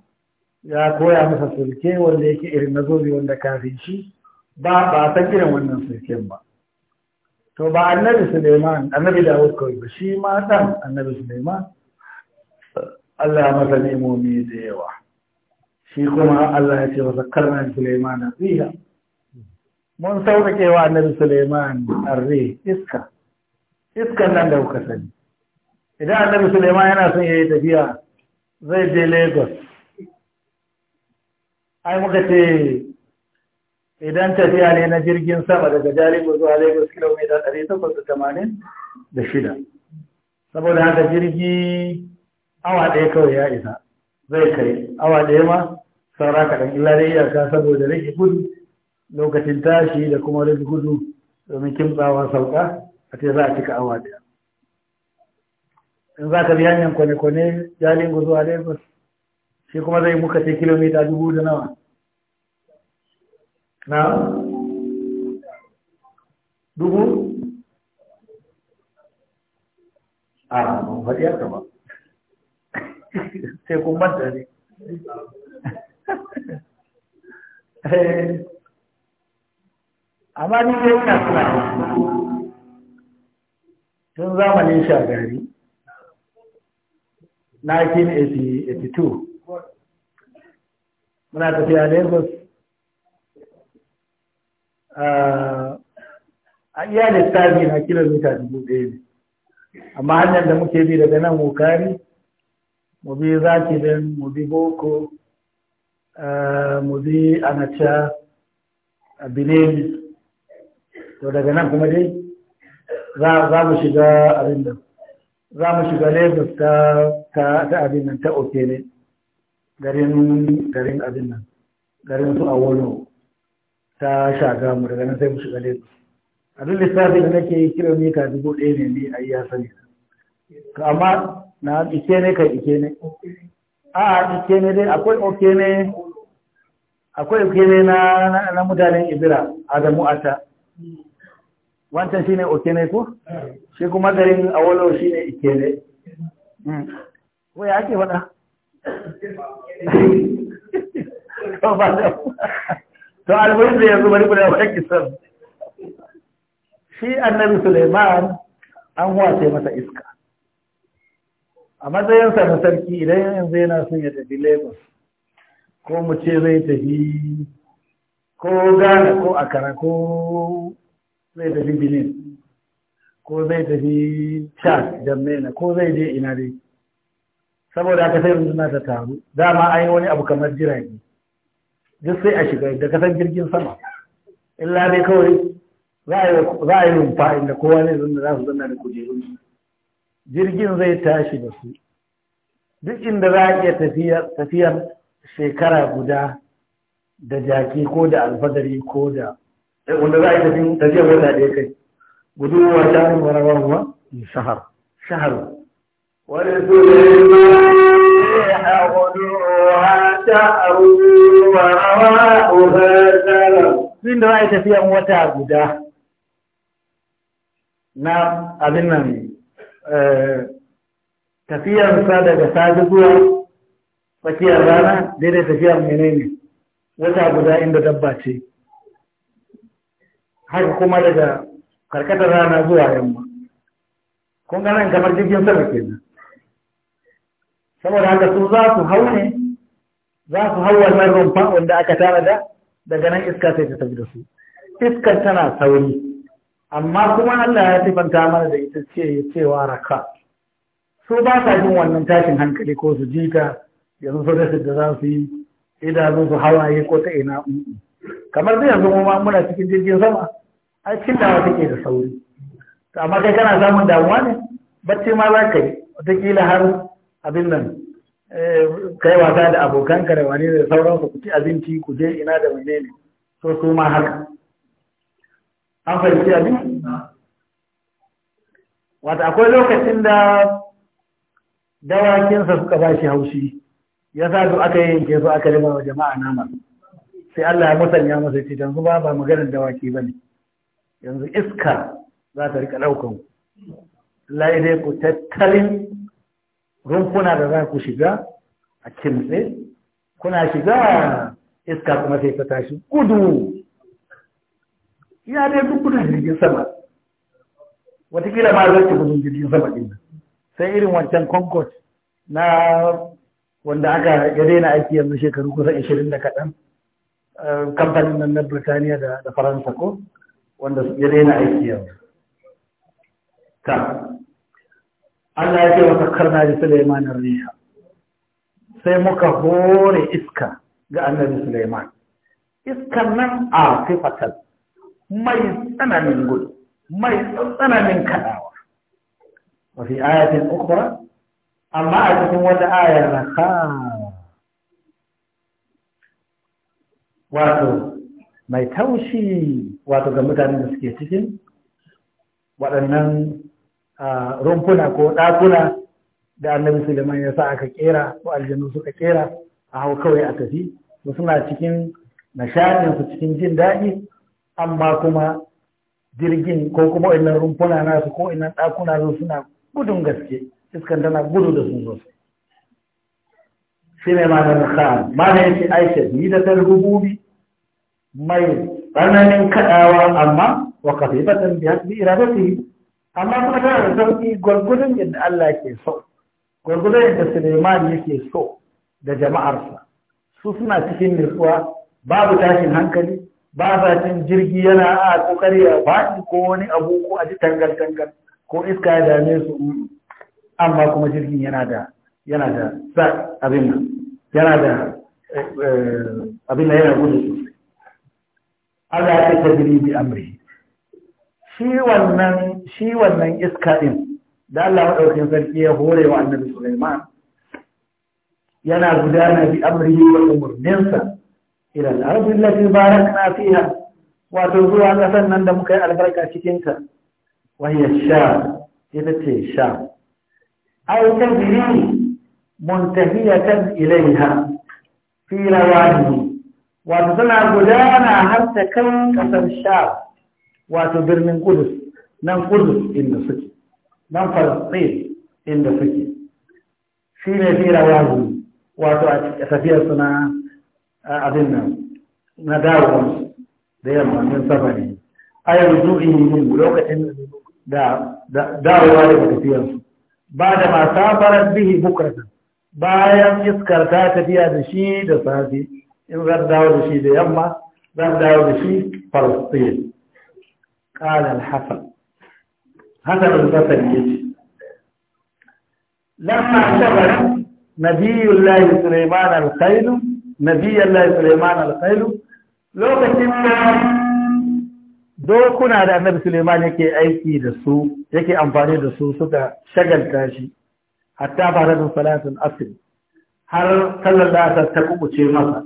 ya koya masa sulke wanda yake irin na zobe wanda kafin shi ba ba san irin wannan sulken ba to ba annabi suleiman annabi dawud kawai ba shi ma dan annabi suleiman Allah masa nemomi da yawa shi kuma Allah ya ce masa karnan suleiman tsira mun sauƙaƙe wa annabi suleiman arre iska iskan nan da kuka sani idan annabi suleiman yana son ya yi tafiya zai je lagos ai muka ce idan tafiya ne na jirgin sama daga jalingo zuwa lagos kilomita 880 da shida saboda haka jirgi awa ɗaya kawai ya isa zai kai awa ɗaya ma saura kaɗan illa iyaka saboda rage gudu lokacin tashi da kuma rage gudu domin kimtsawa sauka a ce za a cika awa ɗaya in za ka bi hanyar kwane-kwane jalingo zuwa lagos shi kuma zai muka ce kilomita dubu da nawa na dubu a faɗi haka ba sai kun manta ne eh, amma ni dai ina tunani tun zamanin shagari 1982 muna tafiya lagos ah, a iya littafi na kilomita dubu daya ne amma hanyar da muke bi daga nan wukari mu bi zaki din mu bi boko ah, mu bi anacha a benin to daga nan kuma dai za mu shiga abin da za mu shiga lagos ta ta abin nan ta oke ne garin abin nan garin su a wano ta shaga mu daga nan sai mu shiga lagos a duk lissafi da nake yi ka dubu ɗaya ne ne a iya sani amma na ike ne kai ike ne a ike ne dai akwai oke ne akwai oke ne na na mutanen ibira adamu ata wancan shi oke ne ko shi kuma garin awolo ne ike ko hmm. ya ake faɗa to almuhim da yanzu bari da wani kisan shi annabi suleiman an wace masa iska a matsayinsa na sarki idan yanzu yana son ya tafi lagos ko mu ce zai tafi ko gane ko akara ko zai tafi benin ko zai tafi chad da ko zai je ina dai saboda aka sai runduna ta taru dama ai wani abu kamar jirage duk sai a shiga da kasan jirgin sama illa dai kawai za a yi rumfa inda kowa ne zan za su zanna da kujerun jirgin zai tashi da su duk inda za a iya tafiyar shekara guda da jaki ko da alfadari ko da wanda za a yi tafiyin tafiyar wata da ya kai guduwa ta yi warawa ruwa shahar shahar wani suleiman ya guduwa ta warawa ruwa sun da za a yi tafiyan wata guda na abin nan tafiyarsa daga sadi zuwa tsakiyar rana daidai tafiyar menene wata guda inda dabba ce haka kuma daga karkatar rana zuwa yamma kun gana nan kamar jirgin sama kenan saboda haka su za su hau ne za su hau wannan rumfa wanda aka tanada daga nan iska sai ta tafi da su iskar tana sauri amma kuma Allah ya sifanta mana da ita ce cewa raka su ba sa jin wannan tashin hankali ko su jita yanzu su da za su yi idanu su hawaye ko ta ina kamar zai yanzu ma muna cikin jirgin sama ai cillawa take da sauri to amma kai kana samun damuwa ne bacci ma za ka yi wataƙila har abin nan eh, kai wasa da abokanka da wani da sauransu ku ci abinci ku je ina da ne, so su ma haka an fahimci abin wata akwai lokacin da dawakinsa suka ba shi haushi ya sa su aka yanke su aka rima wa jama'a nama sai Allah ya musanya masa ce yanzu ba ba maganar dawaki ba ne yanzu iska za ta rika ɗaukan lai dai ku tattalin rumfuna da za ku shiga a kimtse kuna shiga iska kuma sai ta tashi gudu ya dai duk gudun jirgin sama watakila ma zai ci gudun jirgin sama ɗin sai irin wancan concord na wanda aka ya daina aiki yanzu shekaru kusan ashirin da kaɗan kamfanin nan na Birtaniya da Faransa ko wanda ya daina aiki yau. Ta, Allah ya ce wa na da Suleiman Riha, sai muka hore iska ga annabi Suleiman. Iskan nan a fatal, mai tsananin gudu, mai tsananin kaɗawa. Wafi ayatin ukura, amma a cikin wata ayar na wato mai taushi wato ga mutanen da suke cikin waɗannan rumfuna ko ɗakuna da annabi suleiman ya sa aka ƙera ko aljanu suka kera a hau kawai a tafi su suna cikin nishaɗinsu cikin jin daɗi amma kuma jirgin ko kuma wannan rumfuna nasu ko wannan ɗakuna su suna gudun gaske iskan tana gudu da sun sosai shi ne ma na nasa ma na yake aisha ni da ta rububi. mai tsananin kaɗawa amma wa kafifatan bi hasbi iradatihi amma kuma tana da sauki gwargwadon yadda Allah ke so gwargwadon yadda Suleiman yake so da jama'arsa su suna cikin nutsuwa babu tashin hankali ba sa cin jirgi yana a kokari a faɗi ko wani abu ko a ji tangal tangal ko iska ya dame su amma kuma jirgin yana da yana da sa abin nan yana da eh, eh, abin nan yana gudu ala ta tajri bi amri shi wannan shi wannan iska din da Allah madaukakin sarki ya hore wa annabi Sulaiman yana gudana bi amri wa umurninsa ila al-ardi allati barakna fiha wato zuwa kasan nan da muka yi albarka cikin ta wahiya sha ita ce sha au tajri muntahiyatan ilaiha fi rawanihi wato tana gudana har ta kan kasar sha wato birnin kudus nan kudus inda suke nan falastin inda suke shi ne fi rawazu wato a tafiyar suna abin nan na dawon da yamma min safari a yanzu ne lokacin da dawowa daga tafiyarsu ba da masafarar bihi bukata. bayan iskar ta tafiya da shi da safe in zan dawo da shi da yamma zan dawo da shi falastin ƙalar hasan hasanin zafin ya ce lamma shabar nabiyun layi suleiman alkhailu nabiyun layi suleiman alkhailu lokacin da dokuna da annabi suleiman yake aiki da su yake amfani da su suka shagalta shi hatta ba da salatin asir har kallon da ta kubuce masa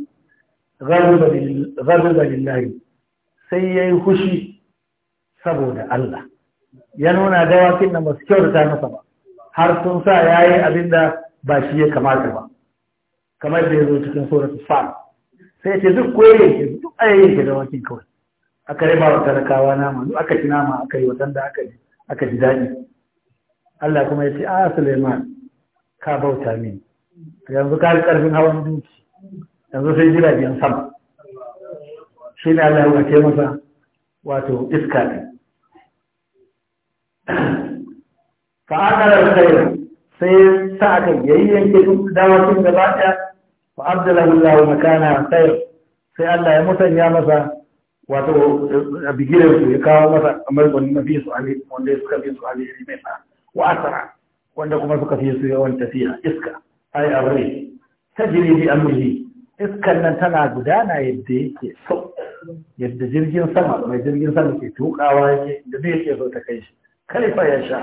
ghadiba lillahi sai ya yi hushi saboda Allah ya nuna dawakin da masu kyautata masa ba har sun sa abin abinda ba shi ya kamata ba kamar da ya zo cikin suratul fat sai ce duk ke duk ayyayin dawakin kawai aka yi ba wa talakawa nama duk aka ci nama aka yi watan da aka ji daɗi Allah kuma ya ce a ah, Suleiman ka bauta min yanzu ka yi ƙarfin hawan duki yanzu sai jiragen sama shi ne Allah ya ce masa wato iska ne fa akalar khayra sai sa aka yayyanke duk dawakin gaba daya fa abdalahu Allah makana khayr sai Allah ya musanya masa wato a bigiran su ya kawo masa kamar wani mafi su ali wanda suka fi su ali ilimin wa asara wanda kuma suka fi su yawan tafiya iska ai arri tajri bi amrihi iskan nan tana gudana yadda yake so yadda jirgin sama mai jirgin sama ke tukawa yake da zai ke so ta kai shi fa ya sha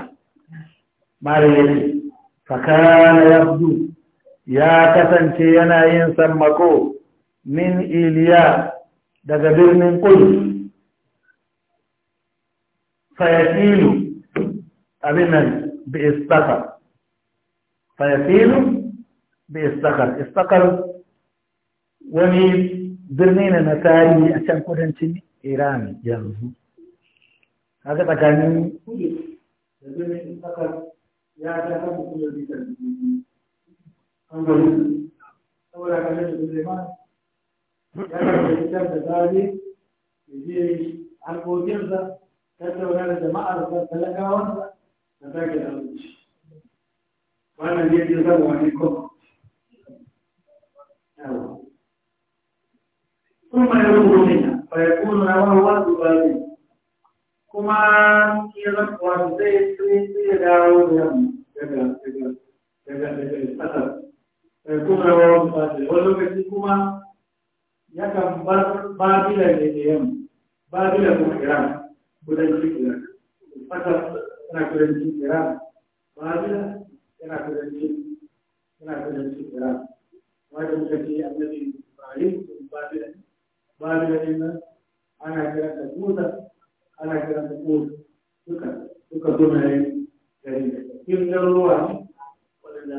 mara yake fakana yabdu ya kasance yana yin sammako min iliya daga birnin kul fayasilu abin nan bi istakar fayasilu bi istakar istakar wani birni na nasari a can kudancin iran yanzu haka tsakanin harkokinsa tattauna da jama'ar da talakawansa da sake da wannan ne ke zama wani kuma ثم يروه منا فيكون رواه البخاري كما يرد وزي سيدي داود فيكون رواه البخاري ولو كما يكن بابلا لديهم بابلا مكرام بدل فكرة فقط أنا كرنتي كرام بابلا أنا كرنتي أنا كرنتي كرام وهذا الذي النبي إبراهيم بابلا babu da nan ana kiran da kusa ana kiran da kusa duka duka suna yin gari da kin garuruwa waɗanda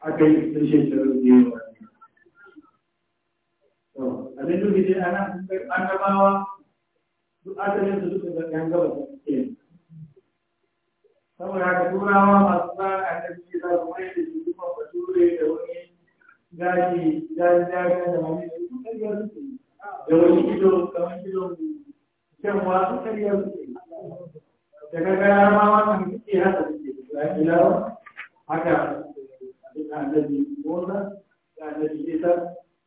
aka yi sun shirin da yawa abin duk da ana annabawa duk asalin su duka da kan gaba ke saboda haka turawa masu ba a nan shi da kuma yadda su kuma bature da wani gashi gashi gashi da wani su kan yi da wani ido da wani ido kyanwa su kariya suke da gagara ma wannan suke haka suke da ilawa haka da annabi Musa da annabi Isa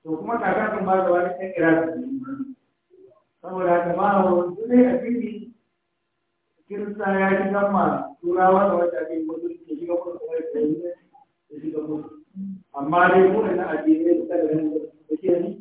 to kuma kaka kan ba wani ɗan iraki saboda haka ba a wasu ne a fili kirista ya yi gama turawa da wata abin wasu ke kuma ya yi ne ya shiga amma dai mu da na addinai da kada da ke ni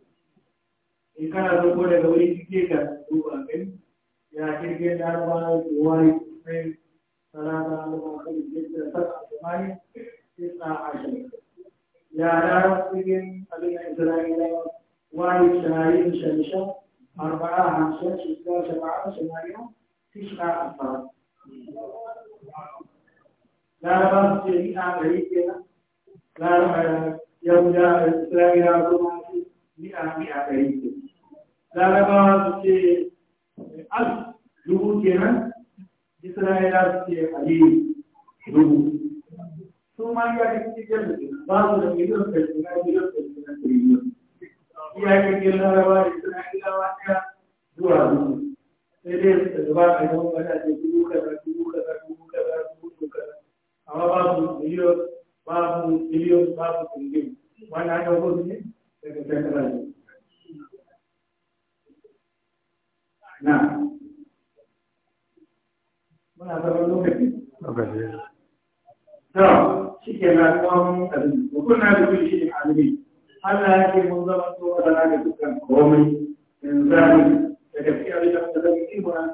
in kana zo ko daga wuri kike ka duba kai ya kirge darba wari sai salata al da jidda sab'a samani tis'a ashe. ya darba cikin abin isra'ila wari shahayin shanisha arba'a hamsin shida shaba'a samaniya tis'a ashar laraba su ce ni a gari kenan ya yahuda isra'ila kuma ni a ni a gari Larabağ'daki az ruhu kenan İsrail'deki Ali ruhu. Somali'deki gel bazı milyon personel milyon personel geliyor. Diğer ülkelere var İsrail'e var ya dua ruhu. Öyle dua ediyor böyle bu kadar bu kadar bu kadar bu kadar. Ama bazı milyon bazı milyon bazı milyon. Bana ne olur diye. Ben de tekrar ediyorum. na muna zama na kwan shi ne a rana da dukkan komai yanzu da gaskiya da ta zama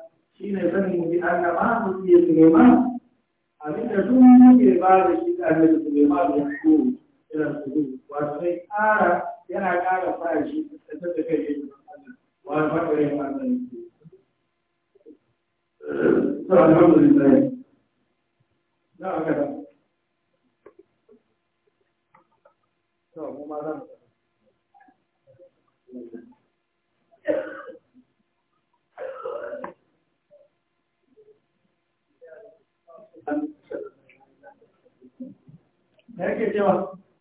sanin mu bi Allah ma abinda duk ba da shi da annabi Sulaiman ya ko yana su wato sai ƙara yana ƙara shi alhamdulillah na aka da to Thank you, Joe.